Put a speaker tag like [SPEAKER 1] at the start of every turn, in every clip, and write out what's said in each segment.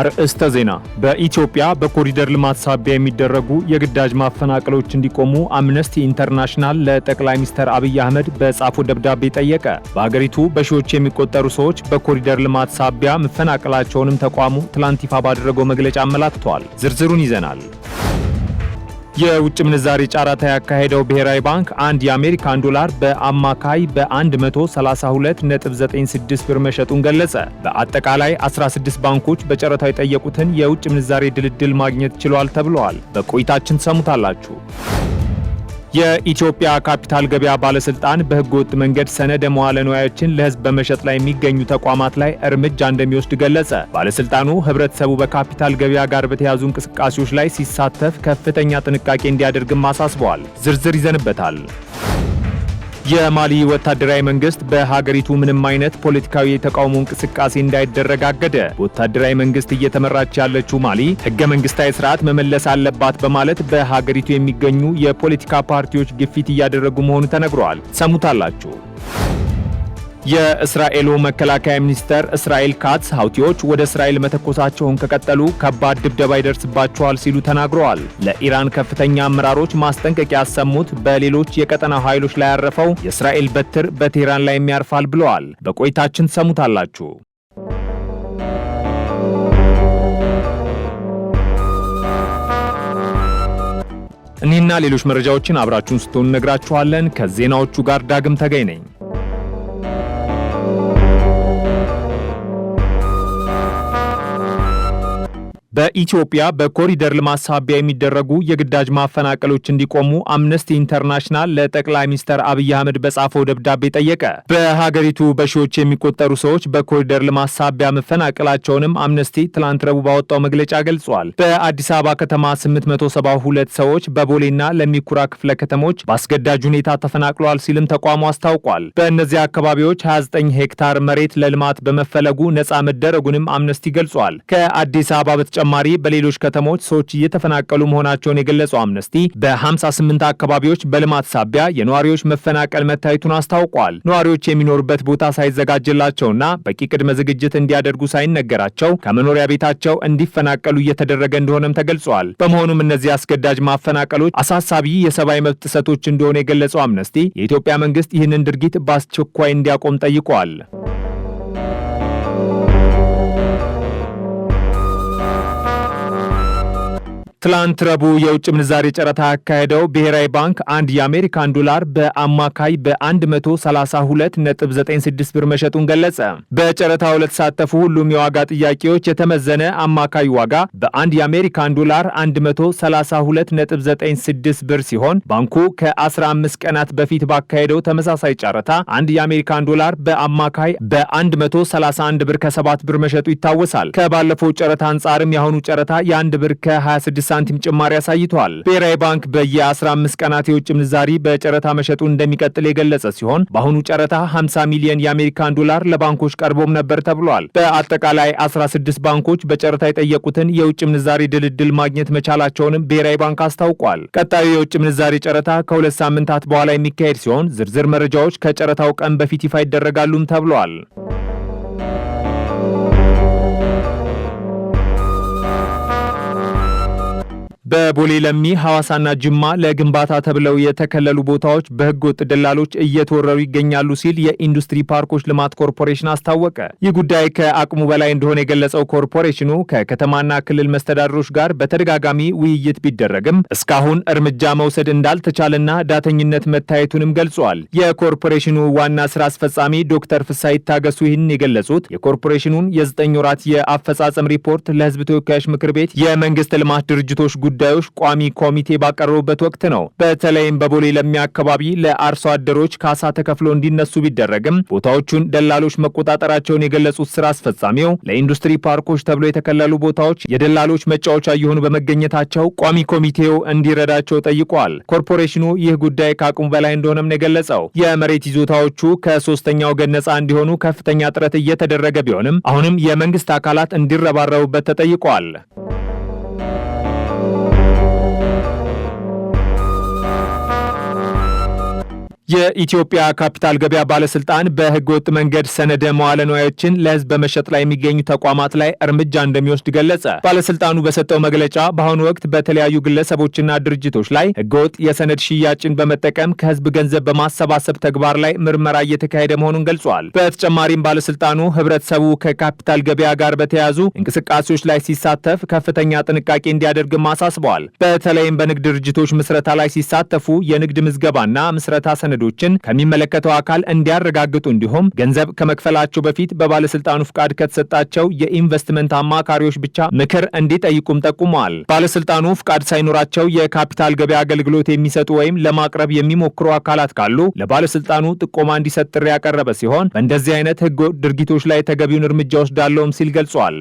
[SPEAKER 1] አርእስተ ዜና በኢትዮጵያ በኮሪደር ልማት ሳቢያ የሚደረጉ የግዳጅ ማፈናቀሎች እንዲቆሙ አምነስቲ ኢንተርናሽናል ለጠቅላይ ሚኒስትር አብይ አህመድ በጻፈው ደብዳቤ ጠየቀ። በአገሪቱ በሺዎች የሚቆጠሩ ሰዎች በኮሪደር ልማት ሳቢያ መፈናቀላቸውንም ተቋሙ ትላንት ይፋ ባደረገው መግለጫ አመላክቷል። ዝርዝሩን ይዘናል። የውጭ ምንዛሪ ጨረታ ያካሄደው ብሔራዊ ባንክ አንድ የአሜሪካን ዶላር በአማካይ በ132.96 ብር መሸጡን ገለጸ። በአጠቃላይ 16 ባንኮች በጨረታው የጠየቁትን የውጭ ምንዛሬ ድልድል ማግኘት ችሏል ተብለዋል። በቆይታችን ትሰሙታላችሁ። የኢትዮጵያ ካፒታል ገበያ ባለስልጣን በህገወጥ መንገድ ሰነደ መዋለ ንዋዮችን ለህዝብ በመሸጥ ላይ የሚገኙ ተቋማት ላይ እርምጃ እንደሚወስድ ገለጸ። ባለስልጣኑ ህብረተሰቡ በካፒታል ገበያ ጋር በተያዙ እንቅስቃሴዎች ላይ ሲሳተፍ ከፍተኛ ጥንቃቄ እንዲያደርግም አሳስበዋል። ዝርዝር ይዘንበታል። የማሊ ወታደራዊ መንግስት በሀገሪቱ ምንም አይነት ፖለቲካዊ የተቃውሞ እንቅስቃሴ እንዳይደረግ አገደ። በወታደራዊ መንግስት እየተመራች ያለችው ማሊ ህገ መንግስታዊ ስርዓት መመለስ አለባት በማለት በሀገሪቱ የሚገኙ የፖለቲካ ፓርቲዎች ግፊት እያደረጉ መሆኑ ተነግሯል። ሰሙታላችሁ። የእስራኤሉ መከላከያ ሚኒስተር እስራኤል ካትስ ሀውቲዎች ወደ እስራኤል መተኮሳቸውን ከቀጠሉ ከባድ ድብደባ ይደርስባቸዋል ሲሉ ተናግረዋል። ለኢራን ከፍተኛ አመራሮች ማስጠንቀቂያ ያሰሙት በሌሎች የቀጠና ኃይሎች ላይ ያረፈው የእስራኤል በትር በቴህራን ላይ የሚያርፋል ብለዋል። በቆይታችን ትሰሙታላችሁ። እኒህና ሌሎች መረጃዎችን አብራችሁን ስትሆኑ ነግራችኋለን። ከዜናዎቹ ጋር ዳግም ተገኝ ነኝ። በኢትዮጵያ በኮሪደር ልማት ሳቢያ የሚደረጉ የግዳጅ ማፈናቀሎች እንዲቆሙ አምነስቲ ኢንተርናሽናል ለጠቅላይ ሚኒስትር አብይ አህመድ በጻፈው ደብዳቤ ጠየቀ። በሀገሪቱ በሺዎች የሚቆጠሩ ሰዎች በኮሪደር ልማት ሳቢያ መፈናቀላቸውንም አምነስቲ ትላንት ረቡዕ ባወጣው መግለጫ ገልጿል። በአዲስ አበባ ከተማ 872 ሰዎች በቦሌና ለሚኩራ ክፍለ ከተሞች በአስገዳጅ ሁኔታ ተፈናቅለዋል ሲልም ተቋሙ አስታውቋል። በእነዚህ አካባቢዎች 29 ሄክታር መሬት ለልማት በመፈለጉ ነፃ መደረጉንም አምነስቲ ገልጿል። ከአዲስ አበባ በተጨ በተጨማሪ በሌሎች ከተሞች ሰዎች እየተፈናቀሉ መሆናቸውን የገለጸው አምነስቲ በ58 አካባቢዎች በልማት ሳቢያ የነዋሪዎች መፈናቀል መታየቱን አስታውቋል። ነዋሪዎች የሚኖሩበት ቦታ ሳይዘጋጅላቸውና በቂ ቅድመ ዝግጅት እንዲያደርጉ ሳይነገራቸው ከመኖሪያ ቤታቸው እንዲፈናቀሉ እየተደረገ እንደሆነም ተገልጿል። በመሆኑም እነዚህ አስገዳጅ ማፈናቀሎች አሳሳቢ የሰብአዊ መብት ጥሰቶች እንደሆነ የገለጸው አምነስቲ የኢትዮጵያ መንግስት ይህንን ድርጊት በአስቸኳይ እንዲያቆም ጠይቋል። ትላንት ረቡዕ የውጭ ምንዛሬ ጨረታ ያካሄደው ብሔራዊ ባንክ አንድ የአሜሪካን ዶላር በአማካይ በ132.96 ብር መሸጡን ገለጸ። በጨረታው ለተሳተፉ ሁሉም የዋጋ ጥያቄዎች የተመዘነ አማካይ ዋጋ በአንድ የአሜሪካን ዶላር 132.96 ብር ሲሆን ባንኩ ከ15 ቀናት በፊት ባካሄደው ተመሳሳይ ጨረታ አንድ የአሜሪካን ዶላር በአማካይ በ131 ብር ከ7 ብር መሸጡ ይታወሳል። ከባለፈው ጨረታ አንጻርም የአሁኑ ጨረታ የ1 ብር ከ26 ሳንቲም ጭማሪ አሳይቷል። ብሔራዊ ባንክ በየ15 ቀናት የውጭ ምንዛሪ በጨረታ መሸጡ እንደሚቀጥል የገለጸ ሲሆን በአሁኑ ጨረታ 50 ሚሊዮን የአሜሪካን ዶላር ለባንኮች ቀርቦም ነበር ተብሏል። በአጠቃላይ 16 ባንኮች በጨረታ የጠየቁትን የውጭ ምንዛሪ ድልድል ማግኘት መቻላቸውንም ብሔራዊ ባንክ አስታውቋል። ቀጣዩ የውጭ ምንዛሪ ጨረታ ከሁለት ሳምንታት በኋላ የሚካሄድ ሲሆን ዝርዝር መረጃዎች ከጨረታው ቀን በፊት ይፋ ይደረጋሉም ተብሏል። በቦሌ ለሚ ሐዋሳና ጅማ ለግንባታ ተብለው የተከለሉ ቦታዎች ወጥ ደላሎች እየተወረሩ ይገኛሉ ሲል የኢንዱስትሪ ፓርኮች ልማት ኮርፖሬሽን አስታወቀ። ይህ ጉዳይ ከአቅሙ በላይ እንደሆነ የገለጸው ኮርፖሬሽኑ ከከተማና ክልል መስተዳድሮች ጋር በተደጋጋሚ ውይይት ቢደረግም እስካሁን እርምጃ መውሰድ እንዳልተቻለና ዳተኝነት መታየቱንም ገልጿል። የኮርፖሬሽኑ ዋና ስራ አስፈጻሚ ዶክተር ፍሳይ ታገሱ ይህን የገለጹት የኮርፖሬሽኑን የዘጠኝ ወራት የአፈጻጸም ሪፖርት ለህዝብ ተወካዮች ምክር ቤት የመንግስት ልማት ድርጅቶች ጉ ጉዳዮች ቋሚ ኮሚቴ ባቀረቡበት ወቅት ነው። በተለይም በቦሌ ለሚ አካባቢ ለአርሶ አደሮች ካሳ ተከፍሎ እንዲነሱ ቢደረግም ቦታዎቹን ደላሎች መቆጣጠራቸውን የገለጹት ስራ አስፈጻሚው ለኢንዱስትሪ ፓርኮች ተብሎ የተከለሉ ቦታዎች የደላሎች መጫወቻ እየሆኑ በመገኘታቸው ቋሚ ኮሚቴው እንዲረዳቸው ጠይቋል። ኮርፖሬሽኑ ይህ ጉዳይ ከአቅሙ በላይ እንደሆነም ነው የገለጸው። የመሬት ይዞታዎቹ ከሶስተኛ ወገን ነጻ እንዲሆኑ ከፍተኛ ጥረት እየተደረገ ቢሆንም አሁንም የመንግስት አካላት እንዲረባረቡበት ተጠይቋል። የኢትዮጵያ ካፒታል ገበያ ባለስልጣን በህገወጥ መንገድ ሰነደ መዋለ ንዋዮችን ለህዝብ በመሸጥ ላይ የሚገኙ ተቋማት ላይ እርምጃ እንደሚወስድ ገለጸ። ባለስልጣኑ በሰጠው መግለጫ በአሁኑ ወቅት በተለያዩ ግለሰቦችና ድርጅቶች ላይ ህገወጥ የሰነድ ሽያጭን በመጠቀም ከህዝብ ገንዘብ በማሰባሰብ ተግባር ላይ ምርመራ እየተካሄደ መሆኑን ገልጿል። በተጨማሪም ባለስልጣኑ ህብረተሰቡ ከካፒታል ገበያ ጋር በተያያዙ እንቅስቃሴዎች ላይ ሲሳተፍ ከፍተኛ ጥንቃቄ እንዲያደርግም አሳስበዋል። በተለይም በንግድ ድርጅቶች ምስረታ ላይ ሲሳተፉ የንግድ ምዝገባና ምስረታ ሰነ ሰነዶችን ከሚመለከተው አካል እንዲያረጋግጡ እንዲሁም ገንዘብ ከመክፈላቸው በፊት በባለስልጣኑ ፍቃድ ከተሰጣቸው የኢንቨስትመንት አማካሪዎች ብቻ ምክር እንዲጠይቁም ጠቁመዋል። ባለስልጣኑ ፍቃድ ሳይኖራቸው የካፒታል ገበያ አገልግሎት የሚሰጡ ወይም ለማቅረብ የሚሞክሩ አካላት ካሉ ለባለስልጣኑ ጥቆማ እንዲሰጥ ጥሪ ያቀረበ ሲሆን በእንደዚህ አይነት ህገ ድርጊቶች ላይ ተገቢውን እርምጃ ወስዳለውም ሲል ገልጿል።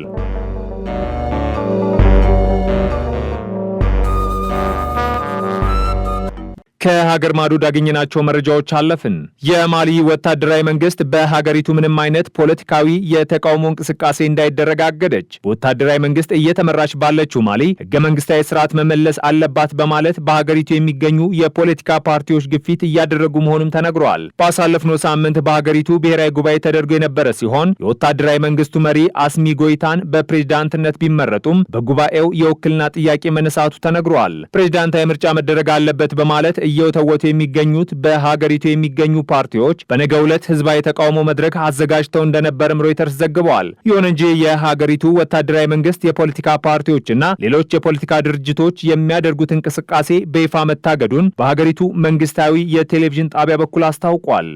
[SPEAKER 1] ከሀገር ማዶ ያገኘናቸው መረጃዎች አለፍን። የማሊ ወታደራዊ መንግስት በሀገሪቱ ምንም አይነት ፖለቲካዊ የተቃውሞ እንቅስቃሴ እንዳይደረግ አገደች። በወታደራዊ መንግስት እየተመራች ባለችው ማሊ ህገ መንግስታዊ ስርዓት መመለስ አለባት በማለት በሀገሪቱ የሚገኙ የፖለቲካ ፓርቲዎች ግፊት እያደረጉ መሆኑም ተነግሯል። ባሳለፍነው ሳምንት በሀገሪቱ ብሔራዊ ጉባኤ ተደርጎ የነበረ ሲሆን የወታደራዊ መንግስቱ መሪ አስሚ ጎይታን በፕሬዝዳንትነት ቢመረጡም በጉባኤው የውክልና ጥያቄ መነሳቱ ተነግሯል። ፕሬዝዳንታዊ ምርጫ መደረግ አለበት በማለት እየወተወቱ የሚገኙት በሀገሪቱ የሚገኙ ፓርቲዎች በነገ ዕለት ህዝባዊ የተቃውሞ መድረክ አዘጋጅተው እንደነበርም ሮይተርስ ዘግበዋል። ይሁን እንጂ የሀገሪቱ ወታደራዊ መንግስት የፖለቲካ ፓርቲዎችና ሌሎች የፖለቲካ ድርጅቶች የሚያደርጉት እንቅስቃሴ በይፋ መታገዱን በሀገሪቱ መንግስታዊ የቴሌቪዥን ጣቢያ በኩል አስታውቋል።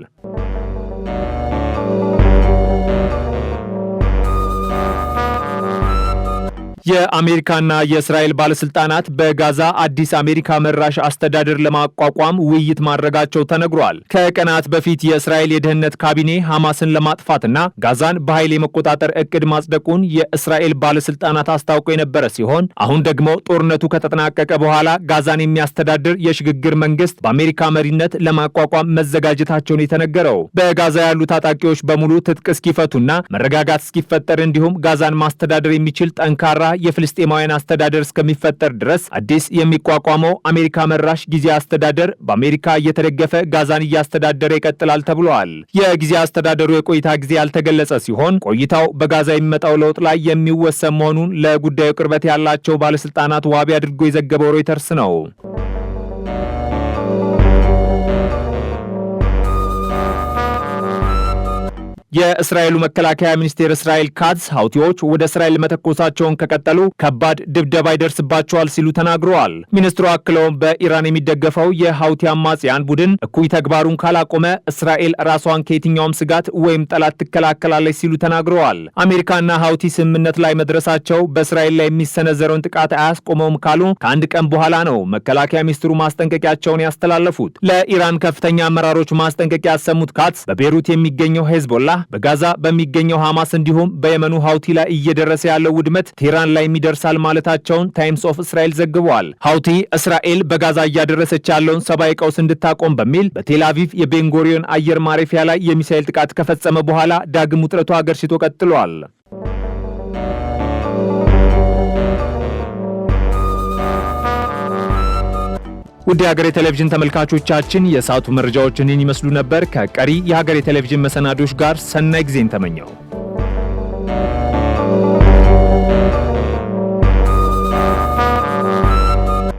[SPEAKER 1] የአሜሪካና የእስራኤል ባለስልጣናት በጋዛ አዲስ አሜሪካ መራሽ አስተዳደር ለማቋቋም ውይይት ማድረጋቸው ተነግሯል። ከቀናት በፊት የእስራኤል የደህንነት ካቢኔ ሐማስን ለማጥፋትና ጋዛን በኃይል የመቆጣጠር እቅድ ማጽደቁን የእስራኤል ባለስልጣናት አስታውቆ የነበረ ሲሆን አሁን ደግሞ ጦርነቱ ከተጠናቀቀ በኋላ ጋዛን የሚያስተዳድር የሽግግር መንግስት በአሜሪካ መሪነት ለማቋቋም መዘጋጀታቸውን የተነገረው በጋዛ ያሉ ታጣቂዎች በሙሉ ትጥቅ እስኪፈቱና መረጋጋት እስኪፈጠር እንዲሁም ጋዛን ማስተዳደር የሚችል ጠንካራ የፍልስጤማውያን አስተዳደር እስከሚፈጠር ድረስ አዲስ የሚቋቋመው አሜሪካ መራሽ ጊዜ አስተዳደር በአሜሪካ እየተደገፈ ጋዛን እያስተዳደረ ይቀጥላል ተብለዋል። የጊዜ አስተዳደሩ የቆይታ ጊዜ ያልተገለጸ ሲሆን ቆይታው በጋዛ የሚመጣው ለውጥ ላይ የሚወሰን መሆኑን ለጉዳዩ ቅርበት ያላቸው ባለስልጣናት ዋቢ አድርጎ የዘገበው ሮይተርስ ነው። የእስራኤሉ መከላከያ ሚኒስቴር እስራኤል ካትስ ሀውቲዎች ወደ እስራኤል መተኮሳቸውን ከቀጠሉ ከባድ ድብደባ ይደርስባቸዋል ሲሉ ተናግረዋል። ሚኒስትሩ አክለውም በኢራን የሚደገፈው የሀውቲ አማጽያን ቡድን እኩይ ተግባሩን ካላቆመ እስራኤል ራሷን ከየትኛውም ስጋት ወይም ጠላት ትከላከላለች ሲሉ ተናግረዋል። አሜሪካና ሀውቲ ስምምነት ላይ መድረሳቸው በእስራኤል ላይ የሚሰነዘረውን ጥቃት አያስቆመውም ካሉ ከአንድ ቀን በኋላ ነው መከላከያ ሚኒስትሩ ማስጠንቀቂያቸውን ያስተላለፉት። ለኢራን ከፍተኛ አመራሮች ማስጠንቀቂያ ያሰሙት ካትስ በቤሩት የሚገኘው ሄዝቦላ በጋዛ በሚገኘው ሐማስ እንዲሁም በየመኑ ሀውቲ ላይ እየደረሰ ያለው ውድመት ቴህራን ላይ የሚደርሳል ማለታቸውን ታይምስ ኦፍ እስራኤል ዘግበዋል። ሀውቲ እስራኤል በጋዛ እያደረሰች ያለውን ሰብአዊ ቀውስ እንድታቆም በሚል በቴላቪቭ የቤንጎሪዮን አየር ማረፊያ ላይ የሚሳኤል ጥቃት ከፈጸመ በኋላ ዳግም ውጥረቱ አገርሽቶ ቀጥሏል። ውድ የሀገሬ ቴሌቪዥን ተመልካቾቻችን የሰዓቱ መረጃዎች እኒህን ይመስሉ ነበር። ከቀሪ የሀገሬ ቴሌቪዥን መሰናዶች ጋር ሰናይ ጊዜን ተመኘው።